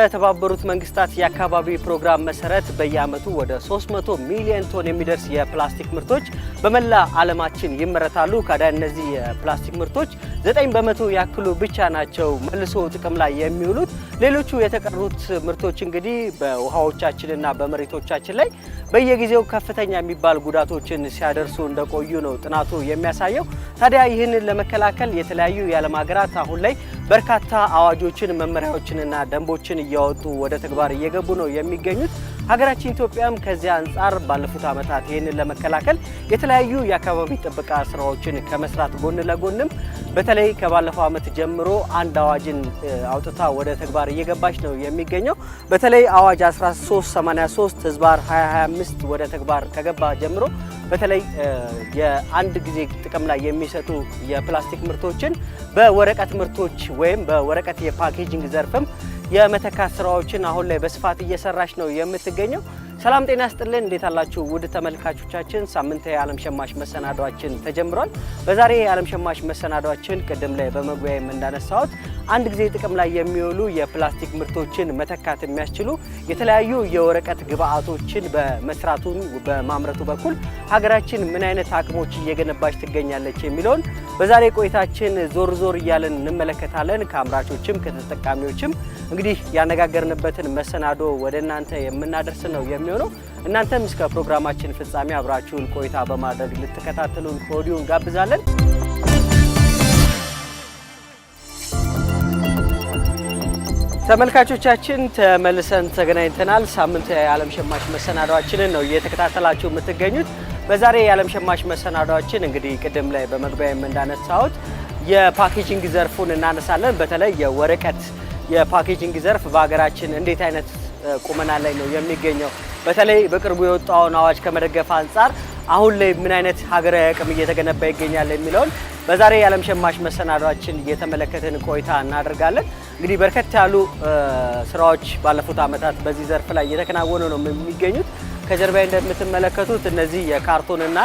በተባበሩት መንግስታት የአካባቢ ፕሮግራም መሰረት በየአመቱ ወደ 300 ሚሊዮን ቶን የሚደርስ የፕላስቲክ ምርቶች በመላ ዓለማችን ይመረታሉ። ካዳ እነዚህ የፕላስቲክ ምርቶች 9 በመቶ ያክሉ ብቻ ናቸው መልሶ ጥቅም ላይ የሚውሉት። ሌሎቹ የተቀሩት ምርቶች እንግዲህ በውሃዎቻችንና በመሬቶቻችን ላይ በየጊዜው ከፍተኛ የሚባል ጉዳቶችን ሲያደርሱ እንደቆዩ ነው ጥናቱ የሚያሳየው። ታዲያ ይህንን ለመከላከል የተለያዩ የዓለም ሀገራት አሁን ላይ በርካታ አዋጆችን መመሪያዎችንና ደንቦችን እያወጡ ወደ ተግባር እየገቡ ነው የሚገኙት። ሀገራችን ኢትዮጵያም ከዚያ አንጻር ባለፉት ዓመታት ይህንን ለመከላከል የተለያዩ የአካባቢ ጥበቃ ስራዎችን ከመስራት ጎን ለጎንም በተለይ ከባለፈው ዓመት ጀምሮ አንድ አዋጅን አውጥታ ወደ ተግባር እየገባች ነው የሚገኘው። በተለይ አዋጅ 1383 ህዝባር 225 ወደ ተግባር ከገባ ጀምሮ በተለይ የአንድ ጊዜ ጥቅም ላይ የሚሰጡ የፕላስቲክ ምርቶችን በወረቀት ምርቶች ወይም በወረቀት የፓኬጂንግ ዘርፍም የመተካት ስራዎችን አሁን ላይ በስፋት እየሰራች ነው የምትገኘው። ሰላም ጤና ስጥልን እንዴት አላችሁ ውድ ተመልካቾቻችን? ሳምንታዊ የዓለም ሸማች መሰናዷችን ተጀምሯል። በዛሬ የዓለም ሸማች መሰናዷችን ቅድም ላይ በመጉያ እንዳነሳሁት አንድ ጊዜ ጥቅም ላይ የሚውሉ የፕላስቲክ ምርቶችን መተካት የሚያስችሉ የተለያዩ የወረቀት ግብአቶችን በመስራቱን በማምረቱ በኩል ሀገራችን ምን አይነት አቅሞች እየገነባች ትገኛለች የሚለውን በዛሬ ቆይታችን ዞር ዞር እያለን እንመለከታለን። ከአምራቾችም ከተጠቃሚዎችም እንግዲህ ያነጋገርንበትን መሰናዶ ወደ እናንተ የምናደርስ ነው የሚ የሚሆነው። እናንተም እስከ ፕሮግራማችን ፍጻሜ አብራችሁን ቆይታ በማድረግ ልትከታተሉን ከወዲሁ እንጋብዛለን። ተመልካቾቻችን ተመልሰን ተገናኝተናል። ሳምንት የዓለም ሸማች መሰናዷችንን ነው እየተከታተላችሁ የምትገኙት። በዛሬ የዓለም ሸማች መሰናዷችን እንግዲህ ቅድም ላይ በመግቢያም እንዳነሳሁት የፓኬጂንግ ዘርፉን እናነሳለን። በተለይ የወረቀት የፓኬጂንግ ዘርፍ በሀገራችን እንዴት አይነት ቁመና ላይ ነው የሚገኘው በተለይ በቅርቡ የወጣውን አዋጅ ከመደገፍ አንጻር አሁን ላይ ምን አይነት ሀገራዊ አቅም እየተገነባ ይገኛል የሚለውን በዛሬ የዓለም ሸማች መሰናዷችን እየተመለከትን ቆይታ እናደርጋለን። እንግዲህ በርከት ያሉ ስራዎች ባለፉት ዓመታት በዚህ ዘርፍ ላይ እየተከናወኑ ነው የሚገኙት። ከጀርባ እንደምትመለከቱት እነዚህ የካርቶንና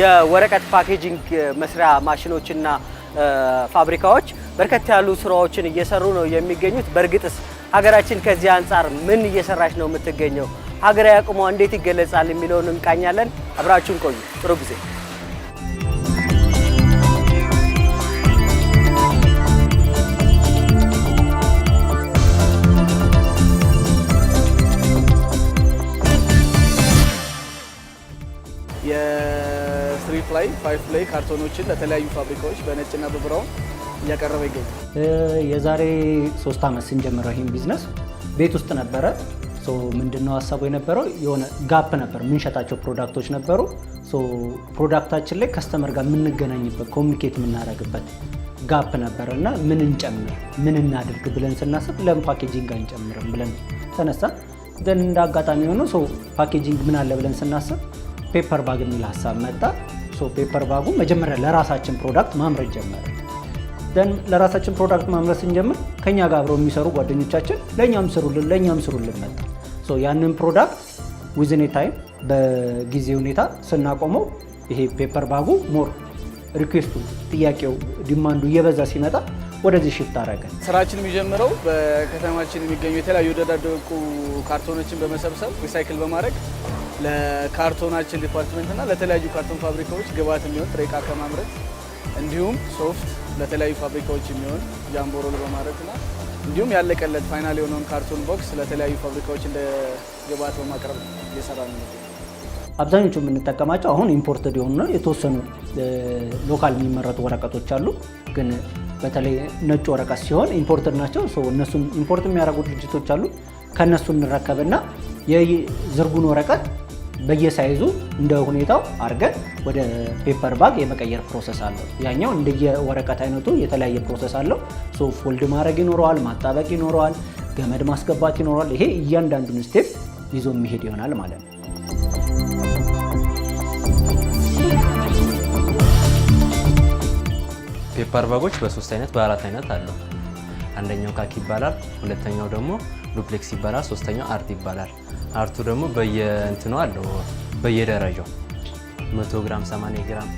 የወረቀት ፓኬጂንግ መስሪያ ማሽኖችና ፋብሪካዎች በርከት ያሉ ስራዎችን እየሰሩ ነው የሚገኙት። በእርግጥስ ሀገራችን ከዚህ አንጻር ምን እየሰራች ነው የምትገኘው? ሀገራዊ አቅሟ እንዴት ይገለጻል የሚለውን እንቃኛለን። አብራችሁን ቆዩ። ጥሩ ጊዜ የስሪ ፕላይ ፋይቭ ካርቶኖችን ለተለያዩ ፋብሪካዎች በነጭና በብራውን እያቀረበ ይገኛል። የዛሬ ሶስት ዓመት ስንጀምረው ይህን ቢዝነስ ቤት ውስጥ ነበረ። ምንድነው ሀሳቡ የነበረው የሆነ ጋፕ ነበር የምንሸጣቸው ፕሮዳክቶች ነበሩ። ፕሮዳክታችን ላይ ከስተመር ጋር የምንገናኝበት ኮሚኒኬት የምናደርግበት ጋፕ ነበር እና ምን እንጨምር ምን እናድርግ ብለን ስናስብ ለምን ፓኬጂንግ አንጨምርም ብለን ተነሳ። ዘን እንደ አጋጣሚ የሆነው ሰው ፓኬጂንግ ምን አለ ብለን ስናስብ ፔፐር ባግ የሚል ሀሳብ መጣ። ፔፐር ባጉ መጀመሪያ ለራሳችን ፕሮዳክት ማምረት ጀመረ። ደን ለራሳችን ፕሮዳክት ማምረት ስንጀምር ከኛ ጋር አብረው የሚሰሩ ጓደኞቻችን ለእኛም ስሩልን ለእኛም ስሩልን መጣ። ያንን ፕሮዳክት ዊዝኔ ታይም በጊዜ ሁኔታ ስናቆመው ይሄ ፔፐር ባጉ ሞር ሪኩዌስቱ ጥያቄው ዲማንዱ እየበዛ ሲመጣ ወደዚህ ሽፍት አረገ። ስራችን የሚጀምረው በከተማችን የሚገኙ የተለያዩ የተደራደቁ ካርቶኖችን በመሰብሰብ ሪሳይክል በማድረግ ለካርቶናችን ዲፓርትመንትና ለተለያዩ ካርቶን ፋብሪካዎች ግብዓት የሚሆን ጥሬ ዕቃ ከማምረት እንዲሁም ሶፍት ለተለያዩ ፋብሪካዎች የሚሆን ጃምቦሮል በማድረግና እንዲሁም ያለቀለት ፋይናል የሆነውን ካርቶን ቦክስ ለተለያዩ ፋብሪካዎች እንደ ግብዓት በማቅረብ እየሰራ ነው። አብዛኞቹ የምንጠቀማቸው አሁን ኢምፖርትድ የሆኑ ነው። የተወሰኑ ሎካል የሚመረቱ ወረቀቶች አሉ፣ ግን በተለይ ነጭ ወረቀት ሲሆን ኢምፖርትድ ናቸው። እነሱን ኢምፖርት የሚያደርጉ ድርጅቶች አሉ። ከእነሱ እንረከብና የዝርጉን ወረቀት በየሳይዙ እንደ ሁኔታው አድርገን ወደ ፔፐር ባግ የመቀየር ፕሮሰስ አለው። ያኛው እንደየወረቀት አይነቱ የተለያየ ፕሮሰስ አለው። ሶ ፎልድ ማድረግ ይኖረዋል፣ ማጣበቅ ይኖረዋል፣ ገመድ ማስገባት ይኖረዋል። ይሄ እያንዳንዱን ስቴፕ ይዞ የሚሄድ ይሆናል ማለት ነው። ፔፐር ባጎች በሶስት አይነት በአራት አይነት አሉ። አንደኛው ካኪ ይባላል። ሁለተኛው ደግሞ ዱፕሌክስ ይባላል። ሶስተኛው አርት ይባላል። አርቱ ደግሞ በየእንትኑ አለው በየደረጃው 100 ግራም፣ 80 ግራም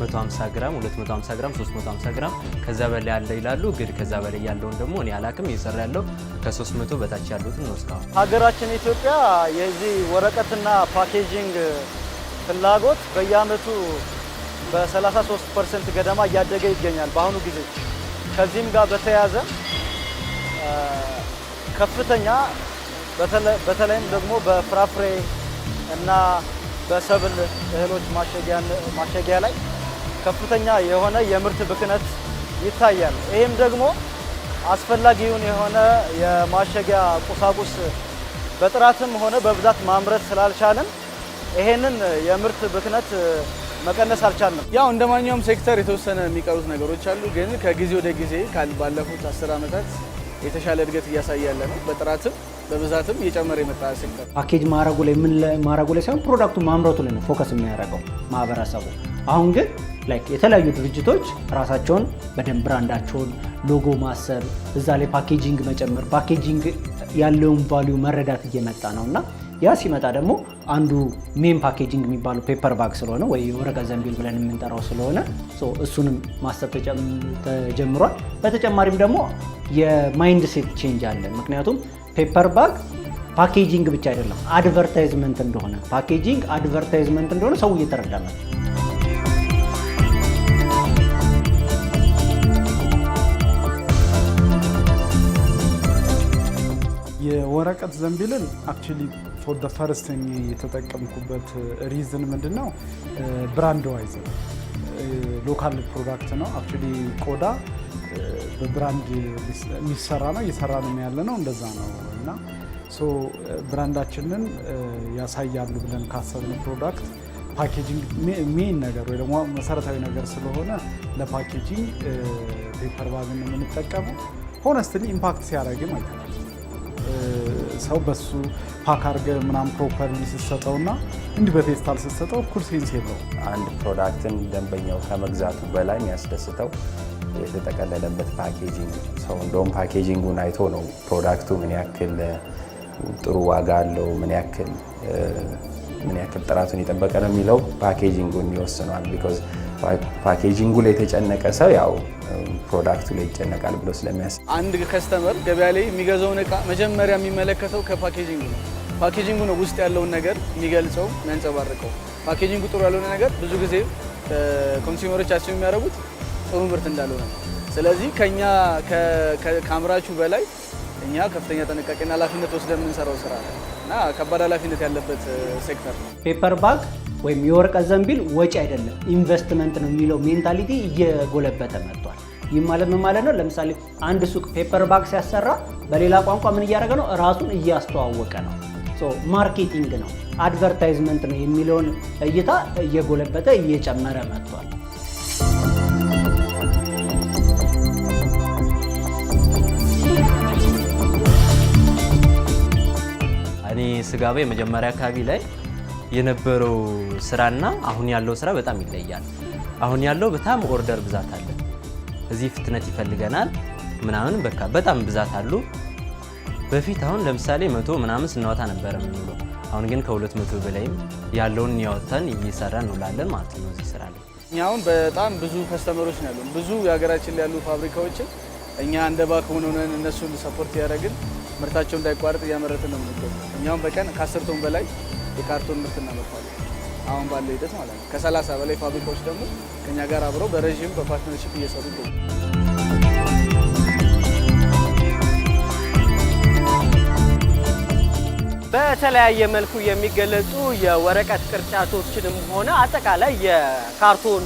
150 ግራም 250 ግራም 350 ግራም ከዛ በላይ ያለ ይላሉ። ግን ከዛ በላይ ያለውን ደግሞ እኔ አላቅም። እየሰራ ያለው ከ300 በታች ያሉትን ነው። እስካሁን ሀገራችን ኢትዮጵያ የዚህ ወረቀትና ፓኬጂንግ ፍላጎት በየአመቱ በ33 ፐርሰንት ገደማ እያደገ ይገኛል በአሁኑ ጊዜ። ከዚህም ጋር በተያያዘ ከፍተኛ በተለይም ደግሞ በፍራፍሬ እና በሰብል እህሎች ማሸጊያ ላይ ከፍተኛ የሆነ የምርት ብክነት ይታያል። ይህም ደግሞ አስፈላጊውን የሆነ የማሸጊያ ቁሳቁስ በጥራትም ሆነ በብዛት ማምረት ስላልቻልን ይሄንን የምርት ብክነት መቀነስ አልቻልንም። ያው እንደ ማንኛውም ሴክተር የተወሰነ የሚቀሩት ነገሮች አሉ። ግን ከጊዜ ወደ ጊዜ ባለፉት አስር ዓመታት የተሻለ እድገት እያሳየ ያለ ነው። በጥራትም በብዛትም እየጨመረ የመጣ ሴክተር ፓኬጅ ማድረጉ ላይ ምን ማድረጉ ላይ ሳይሆን ፕሮዳክቱ ማምረቱ ላይ ነው ፎከስ የሚያደርገው ማህበረሰቡ። አሁን ግን ላይክ የተለያዩ ድርጅቶች ራሳቸውን በደንብ ብራንዳቸውን ሎጎ ማሰብ፣ እዛ ላይ ፓኬጂንግ መጨመር፣ ፓኬጂንግ ያለውን ቫሊዩ መረዳት እየመጣ ነው እና ያ ሲመጣ ደግሞ አንዱ ሜን ፓኬጂንግ የሚባለው ፔፐር ባግ ስለሆነ ወይ የወረቀት ዘንቢል ብለን የምንጠራው ስለሆነ እሱንም ማሰብ ተጀምሯል። በተጨማሪም ደግሞ የማይንድ ሴት ቼንጅ አለ ምክንያቱም ፔፐር ባግ ፓኬጂንግ ብቻ አይደለም፣ አድቨርታይዝመንት እንደሆነ ፓኬጂንግ አድቨርታይዝመንት እንደሆነ ሰው እየተረዳ ነው። ወረቀት ዘንቢልን አክቹዋሊ ፎር ዘ ፈርስት የተጠቀምኩበት ሪዝን ምንድን ነው? ብራንድ ዋይዝ ሎካል ፕሮዳክት ነው። አክቹዋሊ ቆዳ በብራንድ የሚሰራ ነው እየሰራ ነው ያለ ነው እንደዛ ነው እና ሶ ብራንዳችንን ያሳያሉ ብለን ካሰብን ፕሮዳክት ፓኬጂንግ ሜን ነገር ወይ ደግሞ መሰረታዊ ነገር ስለሆነ ለፓኬጂንግ ፔፐር ባግን የምንጠቀመው ሆነስትሊ ኢምፓክት ሲያደርግም አይተ ሰው በሱ ፓክ አድርገህ ምናምን ፕሮፐርሊ ስትሰጠው እና እንዲህ በፌስታል ስትሰጠው እኩል ሴንስ የለውም። አንድ ፕሮዳክትን ደንበኛው ከመግዛቱ በላይ የሚያስደስተው የተጠቀለለበት ፓኬጂንግ ሰው እንደውም ፓኬጂንጉን አይቶ ነው ፕሮዳክቱ ምን ያክል ጥሩ ዋጋ አለው፣ ምን ያክል ምን ያክል ጥራቱን የጠበቀ ነው የሚለው ፓኬጂንጉን ይወስነዋል ቢኮዝ ፓኬጂንጉ ላይ የተጨነቀ ሰው ያው ፕሮዳክቱ ላይ ይጨነቃል ብሎ ስለሚያስብ አንድ ከስተመር ገበያ ላይ የሚገዛውን እቃ መጀመሪያ የሚመለከተው ከፓኬጂንጉ ነው። ፓኬጂንጉ ነው ውስጥ ያለውን ነገር የሚገልጸው የሚያንጸባርቀው። ፓኬጂንጉ ጥሩ ያልሆነ ነገር ብዙ ጊዜ ኮንሱመሮች አስብ የሚያደርጉት ጥሩ ምርት እንዳልሆነ ነው። ስለዚህ ከኛ ከአምራቹ በላይ እኛ ከፍተኛ ጥንቃቄና ኃላፊነት ወስደን የምንሰራው ስራ እና ከባድ ኃላፊነት ያለበት ሴክተር ነው ፔፐር ባግ ወይም የወረቀት ዘንቢል ወጪ አይደለም ኢንቨስትመንት ነው የሚለው ሜንታሊቲ እየጎለበተ መጥቷል። ይህ ማለት ምን ማለት ነው? ለምሳሌ አንድ ሱቅ ፔፐር ባግ ሲያሰራ በሌላ ቋንቋ ምን እያደረገ ነው? ራሱን እያስተዋወቀ ነው። ማርኬቲንግ ነው፣ አድቨርታይዝመንት ነው የሚለውን እይታ እየጎለበተ እየጨመረ መጥቷል። እኔ ስጋቤ የመጀመሪያ አካባቢ ላይ የነበረው ስራና አሁን ያለው ስራ በጣም ይለያል። አሁን ያለው በጣም ኦርደር ብዛት አለ። እዚህ ፍጥነት ይፈልገናል ምናምን በቃ በጣም ብዛት አሉ። በፊት አሁን ለምሳሌ መቶ ምናምን ስናወጣ ነበረ የምንውለው። አሁን ግን ከሁለት መቶ በላይም ያለውን ያወጣን እየሰራ እንውላለን ማለት ነው። እዚህ ስራ ላይ እኛ አሁን በጣም ብዙ ከስተመሮች ነው ያሉን። ብዙ የሀገራችን ላይ ያሉ ፋብሪካዎችን እኛ እንደ ባክሆን ሆነን እነሱን ሰፖርት ያደረግን ምርታቸው እንዳይቋረጥ እያመረትን ነው የምንገኘው። እኛውም በቀን ከአስር ቶን በላይ የካርቶን ምርት እናመርታለን አሁን ባለው ሂደት ማለት ነው። ከሰላሳ በላይ ፋብሪካዎች ደግሞ ከኛ ጋር አብረው በረዥም በፓርትነርሽፕ እየሰሩ ይገኛል። በተለያየ መልኩ የሚገለጹ የወረቀት ቅርጫቶችንም ሆነ አጠቃላይ የካርቶን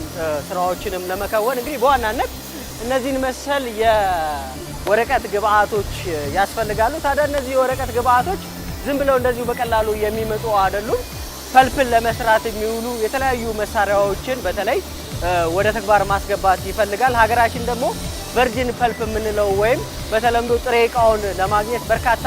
ስራዎችንም ለመከወን እንግዲህ በዋናነት እነዚህን መሰል የወረቀት ግብአቶች ያስፈልጋሉ። ታዲያ እነዚህ የወረቀት ግብአቶች ዝም ብለው እንደዚሁ በቀላሉ የሚመጡ አይደሉም። ፐልፕን ለመስራት የሚውሉ የተለያዩ መሳሪያዎችን በተለይ ወደ ተግባር ማስገባት ይፈልጋል። ሀገራችን ደግሞ ቨርጅን ፐልፕ የምንለው ወይም በተለምዶ ጥሬ እቃውን ለማግኘት በርካታ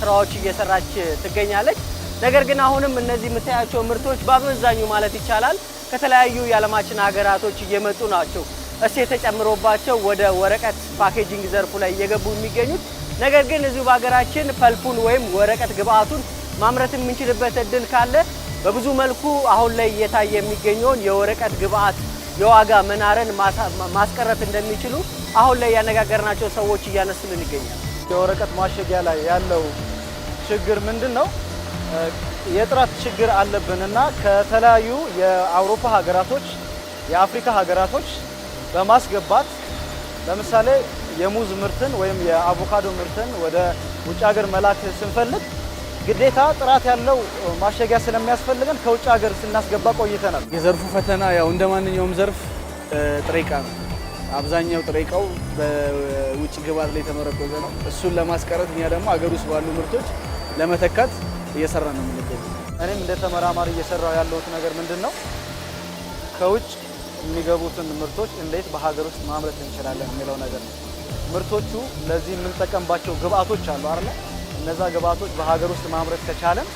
ስራዎች እየሰራች ትገኛለች። ነገር ግን አሁንም እነዚህ የምታያቸው ምርቶች በአመዛኙ ማለት ይቻላል ከተለያዩ የዓለማችን ሀገራቶች እየመጡ ናቸው። እሴት ተጨምሮባቸው ወደ ወረቀት ፓኬጂንግ ዘርፉ ላይ እየገቡ የሚገኙት። ነገር ግን እዚሁ በሀገራችን ፐልፑን ወይም ወረቀት ግብአቱን ማምረት የምንችልበት እድል ካለ በብዙ መልኩ አሁን ላይ እየታየ የሚገኘውን የወረቀት ግብአት የዋጋ መናርን ማስቀረት እንደሚችሉ አሁን ላይ ያነጋገርናቸው ሰዎች እያነሱልን ይገኛል። የወረቀት ማሸጊያ ላይ ያለው ችግር ምንድን ነው? የጥራት ችግር አለብን እና ከተለያዩ የአውሮፓ ሀገራቶች፣ የአፍሪካ ሀገራቶች በማስገባት ለምሳሌ የሙዝ ምርትን ወይም የአቮካዶ ምርትን ወደ ውጭ ሀገር መላክ ስንፈልግ ግዴታ ጥራት ያለው ማሸጊያ ስለሚያስፈልገን ከውጭ ሀገር ስናስገባ ቆይተናል። የዘርፉ ፈተና ያው እንደ ማንኛውም ዘርፍ ጥሬ ዕቃ ነው። አብዛኛው ጥሬ ዕቃው በውጭ ግብዓት ላይ የተመረኮዘ ነው። እሱን ለማስቀረት እኛ ደግሞ አገር ውስጥ ባሉ ምርቶች ለመተካት እየሰራ ነው የምንገኘው። እኔም እንደ ተመራማሪ እየሰራው ያለሁት ነገር ምንድን ነው ከውጭ የሚገቡትን ምርቶች እንዴት በሀገር ውስጥ ማምረት እንችላለን የሚለው ነገር ነው። ምርቶቹ ለዚህ የምንጠቀምባቸው ግብአቶች አሉ አለ እነዛ ግብአቶች በሀገር ውስጥ ማምረት ከቻለን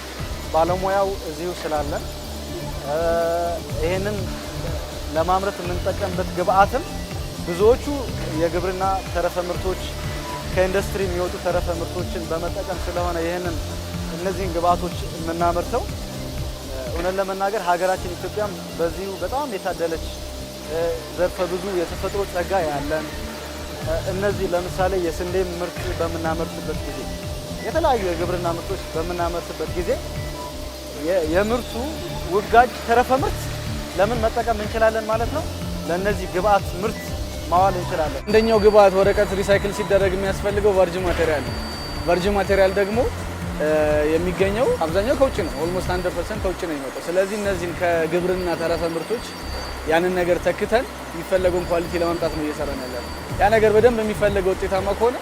ባለሙያው እዚሁ ስላለን ይህንን ለማምረት የምንጠቀምበት ግብአትም ብዙዎቹ የግብርና ተረፈ ምርቶች ከኢንዱስትሪ የሚወጡ ተረፈ ምርቶችን በመጠቀም ስለሆነ ይህንን እነዚህን ግብአቶች የምናመርተው እውነት ለመናገር ሀገራችን ኢትዮጵያም በዚሁ በጣም የታደለች ዘርፈ ብዙ የተፈጥሮ ጸጋ ያለን እነዚህ ለምሳሌ የስንዴ ምርት በምናመርትበት ጊዜ የተለያዩ የግብርና ምርቶች በምናመርትበት ጊዜ የምርቱ ውጋጅ ተረፈ ምርት ለምን መጠቀም እንችላለን ማለት ነው። ለእነዚህ ግብአት ምርት ማዋል እንችላለን። አንደኛው ግብአት ወረቀት ሪሳይክል ሲደረግ የሚያስፈልገው ቨርጅን ማቴሪያል ነው። ቨርጅን ማቴሪያል ደግሞ የሚገኘው አብዛኛው ከውጭ ነው። ኦልሞስት 100 ፐርሰንት ከውጭ ነው የሚመጣው። ስለዚህ እነዚህን ከግብርና ተረፈ ምርቶች ያንን ነገር ተክተን የሚፈለገውን ኳሊቲ ለማምጣት ነው እየሰራን ያለ። ያ ነገር በደንብ የሚፈለገው ውጤታማ ከሆነ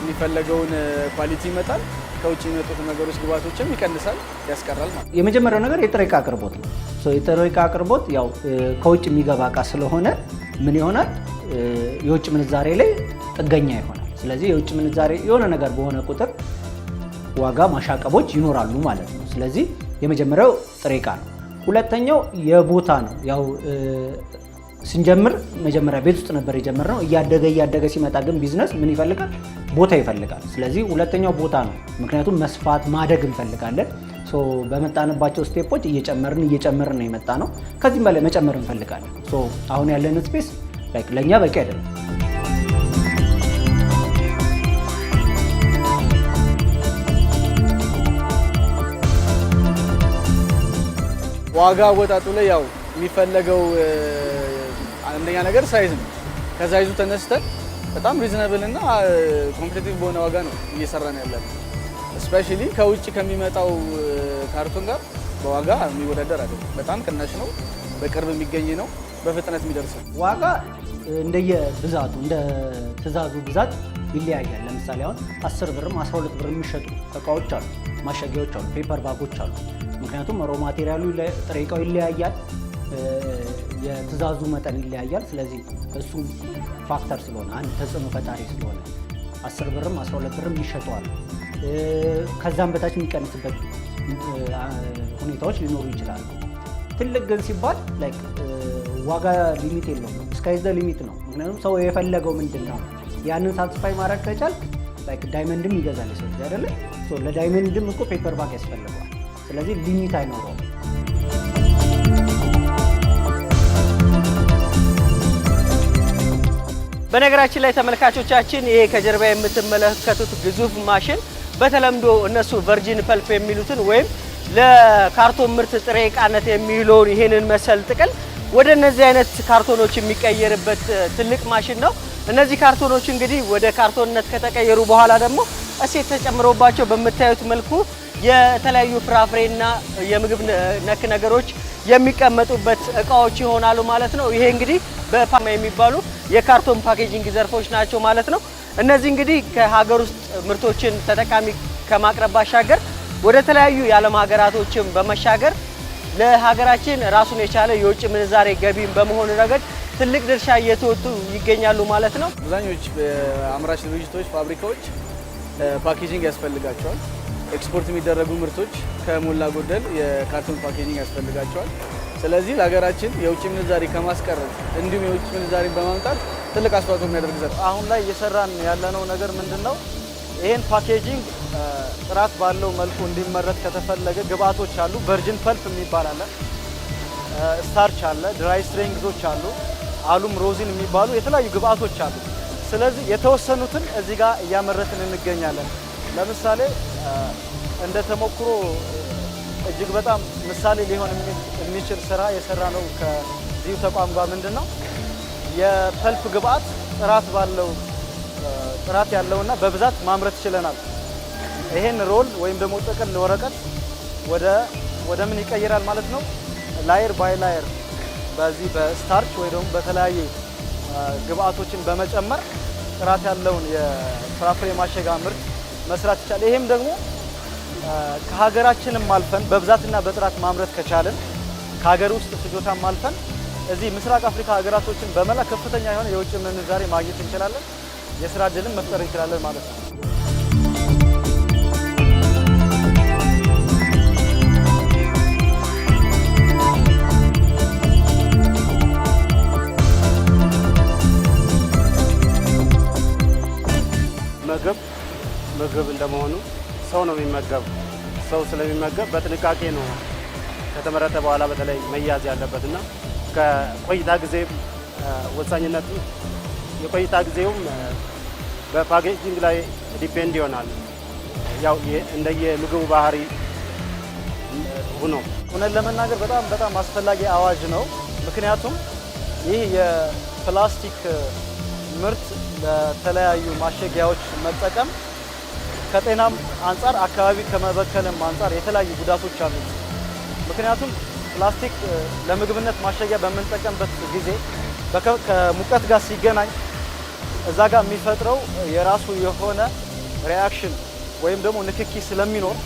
የሚፈለገውን ኳሊቲ ይመጣል። ከውጭ የሚመጡት ነገሮች ግባቶችም ይቀንሳል፣ ያስቀራል ማለት ነው። የመጀመሪያው ነገር የጥሬ እቃ አቅርቦት ነው። የጥሬ ዕቃ አቅርቦት ያው ከውጭ የሚገባ እቃ ስለሆነ ምን ይሆናል? የውጭ ምንዛሬ ላይ ጥገኛ ይሆናል። ስለዚህ የውጭ ምንዛሬ የሆነ ነገር በሆነ ቁጥር ዋጋ ማሻቀቦች ይኖራሉ ማለት ነው። ስለዚህ የመጀመሪያው ጥሬ ዕቃ ነው። ሁለተኛው የቦታ ነው። ያው ስንጀምር መጀመሪያ ቤት ውስጥ ነበር የጀመርነው። እያደገ እያደገ ሲመጣ ግን ቢዝነስ ምን ይፈልጋል? ቦታ ይፈልጋል። ስለዚህ ሁለተኛው ቦታ ነው። ምክንያቱም መስፋት ማደግ እንፈልጋለን። በመጣንባቸው ስቴፖች እየጨመርን እየጨመርን ነው የመጣ ነው። ከዚህም በላይ መጨመር እንፈልጋለን። አሁን ያለን ስፔስ ለእኛ በቂ አይደለም። ዋጋ አወጣጡ ላይ ያው የሚፈለገው አንደኛ ነገር ሳይዝ ነው። ከሳይዙ ተነስተን በጣም ሪዝነብል እና ኮምፒቲቲቭ በሆነ ዋጋ ነው እየሰራን ያለ። እስፔሻሊ ከውጭ ከሚመጣው ካርቶን ጋር በዋጋ የሚወዳደር አይደለም። በጣም ቅናሽ ነው። በቅርብ የሚገኝ ነው። በፍጥነት የሚደርስ ነው። ዋጋ እንደየ ብዛቱ እንደ ትእዛዙ ብዛት ይለያያል። ለምሳሌ አሁን 10 ብርም 12 ብር የሚሸጡ እቃዎች አሉ፣ ማሸጊያዎች አሉ፣ ፔፐር ባጎች አሉ። ምክንያቱም ሮ ማቴሪያሉ ጥሬ እቃው ይለያያል፣ የትእዛዙ መጠን ይለያያል። ስለዚህ እሱ ፋክተር ስለሆነ አንድ ተጽዕኖ ፈጣሪ ስለሆነ አስር ብርም 12 ብርም ይሸጠዋል። ከዛም በታች የሚቀንስበት ሁኔታዎች ሊኖሩ ይችላሉ። ትልቅ ግን ሲባል ዋጋ ሊሚት የለውም። እስካይዝ ሊሚት ነው። ምክንያቱም ሰው የፈለገው ምንድን ነው ያንን ሳትስፋይ ማድረግ ከቻልክ ዳይመንድም ይገዛል ሰው አይደለ? ለዳይመንድም እኮ ፔፐር ባክ ያስፈልገዋል። ስለዚህ ሊሚት አይኖረውም። በነገራችን ላይ ተመልካቾቻችን ይሄ ከጀርባ የምትመለከቱት ግዙፍ ማሽን በተለምዶ እነሱ ቨርጂን ፐልፕ የሚሉትን ወይም ለካርቶን ምርት ጥሬ እቃነት የሚውለውን ይህንን መሰል ጥቅል ወደ እነዚህ አይነት ካርቶኖች የሚቀየርበት ትልቅ ማሽን ነው። እነዚህ ካርቶኖች እንግዲህ ወደ ካርቶንነት ከተቀየሩ በኋላ ደግሞ እሴት ተጨምሮባቸው በምታዩት መልኩ የተለያዩ ፍራፍሬና የምግብ ነክ ነገሮች የሚቀመጡበት እቃዎች ይሆናሉ ማለት ነው። ይሄ እንግዲህ በፓማ የሚባሉ የካርቶን ፓኬጂንግ ዘርፎች ናቸው ማለት ነው። እነዚህ እንግዲህ ከሀገር ውስጥ ምርቶችን ተጠቃሚ ከማቅረብ ባሻገር ወደ ተለያዩ የዓለም ሀገራቶችን በመሻገር ለሀገራችን ራሱን የቻለ የውጭ ምንዛሬ ገቢን በመሆኑ ረገድ ትልቅ ድርሻ እየተወጡ ይገኛሉ ማለት ነው። አብዛኞች አምራች ድርጅቶች፣ ፋብሪካዎች ፓኬጂንግ ያስፈልጋቸዋል። ኤክስፖርት የሚደረጉ ምርቶች ከሞላ ጎደል የካርቶን ፓኬጂንግ ያስፈልጋቸዋል። ስለዚህ ለሀገራችን የውጭ ምንዛሪ ከማስቀረት እንዲሁም የውጭ ምንዛሪ በማምጣት ትልቅ አስተዋጽኦ የሚያደርግ ዘርፍ። አሁን ላይ እየሰራን ያለነው ነገር ምንድን ነው? ይህን ፓኬጂንግ ጥራት ባለው መልኩ እንዲመረት ከተፈለገ ግብአቶች አሉ። ቨርጅን ፐልፕ የሚባል አለ፣ ስታርች አለ፣ ድራይ ስትሬንግዞች አሉ፣ አሉም ሮዚን የሚባሉ የተለያዩ ግብአቶች አሉ። ስለዚህ የተወሰኑትን እዚህ ጋር እያመረትን እንገኛለን። ለምሳሌ እንደ ተሞክሮ እጅግ በጣም ምሳሌ ሊሆን የሚችል ስራ የሰራ ነው። ከዚሁ ተቋም ጋር ምንድን ነው የፐልፕ ግብአት ጥራት ባለው ጥራት ያለውና በብዛት ማምረት ችለናል። ይሄን ሮል ወይም ደግሞ ጥቅል ወረቀት ወደ ወደ ምን ይቀይራል ማለት ነው። ላየር ባይ ላየር በዚህ በስታርች ወይ ደግሞ በተለያዩ ግብአቶችን በመጨመር ጥራት ያለውን የፍራፍሬ ማሸጋ ምርት መስራት ይቻላል። ይሄም ደግሞ ከሀገራችንም አልፈን በብዛትና በጥራት ማምረት ከቻልን ከሀገር ውስጥ ፍጆታም አልፈን እዚህ ምስራቅ አፍሪካ ሀገራቶችን በመላ ከፍተኛ የሆነ የውጭ ምንዛሬ ማግኘት እንችላለን። የስራ እድልን መፍጠር እንችላለን ማለት ነው። መገብ ምግብ እንደመሆኑ ሰው ነው የሚመገብ። ሰው ስለሚመገብ በጥንቃቄ ነው ከተመረተ በኋላ በተለይ መያዝ ያለበት እና ከቆይታ ጊዜ ወሳኝነቱ የቆይታ ጊዜውም በፓኬጂንግ ላይ ዲፔንድ ይሆናል። ያው እንደየምግቡ ባህሪ ሁኖ እውነት ለመናገር በጣም በጣም አስፈላጊ አዋጅ ነው። ምክንያቱም ይህ የፕላስቲክ ምርት ለተለያዩ ማሸጊያዎች መጠቀም ከጤናም አንጻር አካባቢ ከመበከልም አንጻር የተለያዩ ጉዳቶች አሉ። ምክንያቱም ፕላስቲክ ለምግብነት ማሸጊያ በምንጠቀምበት ጊዜ ከሙቀት ጋር ሲገናኝ እዛ ጋር የሚፈጥረው የራሱ የሆነ ሪያክሽን ወይም ደግሞ ንክኪ ስለሚኖር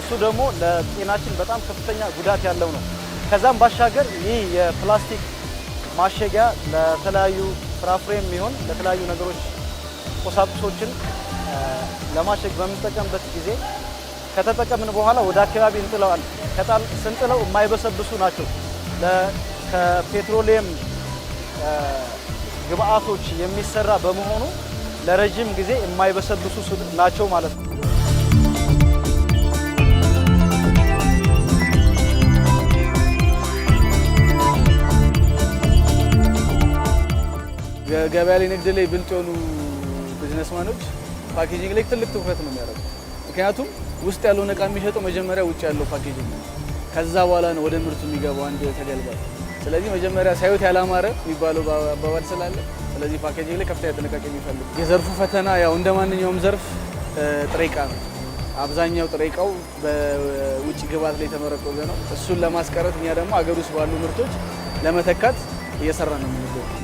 እሱ ደግሞ ለጤናችን በጣም ከፍተኛ ጉዳት ያለው ነው። ከዛም ባሻገር ይህ የፕላስቲክ ማሸጊያ ለተለያዩ ፍራፍሬ የሚሆን ለተለያዩ ነገሮች ቁሳቁሶችን ለማሸግ በምንጠቀምበት ጊዜ ከተጠቀምን በኋላ ወደ አካባቢ እንጥለዋል። ስንጥለው የማይበሰብሱ ናቸው። ከፔትሮሊየም ግብአቶች የሚሰራ በመሆኑ ለረዥም ጊዜ የማይበሰብሱ ናቸው ማለት ነው። የገበያ ላይ ንግድ ላይ ብልጥ የሆኑ ቢዝነስማኖች ፓኬጂንግ ላይ ትልቅ ትኩረት ነው የሚያደርገው። ምክንያቱም ውስጥ ያለውን እቃ የሚሸጠው መጀመሪያ ውጭ ያለው ፓኬጂንግ ነው። ከዛ በኋላ ነው ወደ ምርቱ የሚገባው አንድ ተገልባል። ስለዚህ መጀመሪያ ሳዩት ያላማረ የሚባለው አባባል ስላለ ስለዚህ ፓኬጂንግ ላይ ከፍተኛ ጥንቃቄ የሚፈልግ የዘርፉ ፈተና ያው እንደ ማንኛውም ዘርፍ ጥሬ እቃ ነው። አብዛኛው ጥሬ እቃው በውጭ ግብዓት ላይ የተመረኮዘ ነው። እሱን ለማስቀረት እኛ ደግሞ አገር ውስጥ ባሉ ምርቶች ለመተካት እየሰራ ነው የምንገኘው።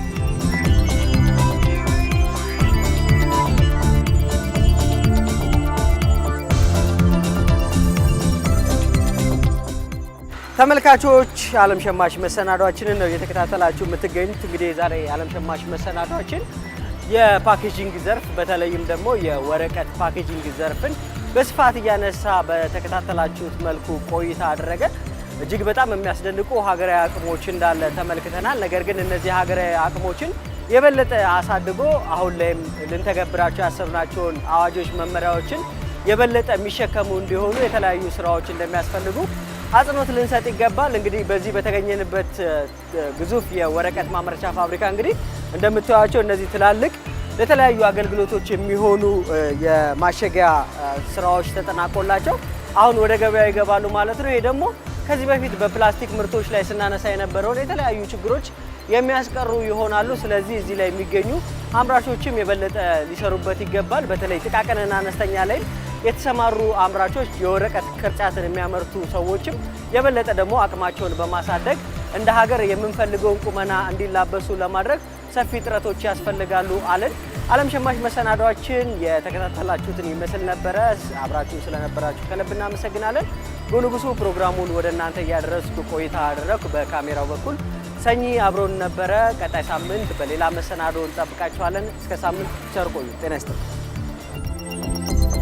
ተመልካቾች ዓለም ሸማች መሰናዷችንን ነው እየተከታተላችሁ የምትገኙት። እንግዲህ የዛሬ ዓለም ሸማች መሰናዷችን የፓኬጂንግ ዘርፍ በተለይም ደግሞ የወረቀት ፓኬጂንግ ዘርፍን በስፋት እያነሳ በተከታተላችሁት መልኩ ቆይታ አደረገ። እጅግ በጣም የሚያስደንቁ ሀገራዊ አቅሞች እንዳለ ተመልክተናል። ነገር ግን እነዚህ ሀገራዊ አቅሞችን የበለጠ አሳድጎ አሁን ላይም ልንተገብራቸው ያሰብናቸውን አዋጆች፣ መመሪያዎችን የበለጠ የሚሸከሙ እንዲሆኑ የተለያዩ ስራዎች እንደሚያስፈልጉ አጽንኦት ልንሰጥ ይገባል። እንግዲህ በዚህ በተገኘንበት ግዙፍ የወረቀት ማምረቻ ፋብሪካ እንግዲህ እንደምታዩቸው እነዚህ ትላልቅ ለተለያዩ አገልግሎቶች የሚሆኑ የማሸጊያ ስራዎች ተጠናቆላቸው አሁን ወደ ገበያ ይገባሉ ማለት ነው። ይሄ ደግሞ ከዚህ በፊት በፕላስቲክ ምርቶች ላይ ስናነሳ የነበረውን የተለያዩ ችግሮች የሚያስቀሩ ይሆናሉ። ስለዚህ እዚህ ላይ የሚገኙ አምራቾችም የበለጠ ሊሰሩበት ይገባል። በተለይ ጥቃቅንና አነስተኛ ላይ የተሰማሩ አምራቾች፣ የወረቀት ቅርጫትን የሚያመርቱ ሰዎችም የበለጠ ደግሞ አቅማቸውን በማሳደግ እንደ ሀገር የምንፈልገውን ቁመና እንዲላበሱ ለማድረግ ሰፊ ጥረቶች ያስፈልጋሉ አለን። ዓለም ሸማች መሰናዷችን የተከታተላችሁትን ይመስል ነበረ። አብራችሁ ስለነበራችሁ ከልብ እናመሰግናለን። በንጉሱ ፕሮግራሙን ወደ እናንተ እያደረስኩ ቆይታ አደረግኩ። በካሜራው በኩል ሰኚ አብሮን ነበረ። ቀጣይ ሳምንት በሌላ መሰናዶ እንጠብቃችኋለን። እስከ ሳምንት ቸር ቆዩ። ጤና ይስጥልኝ።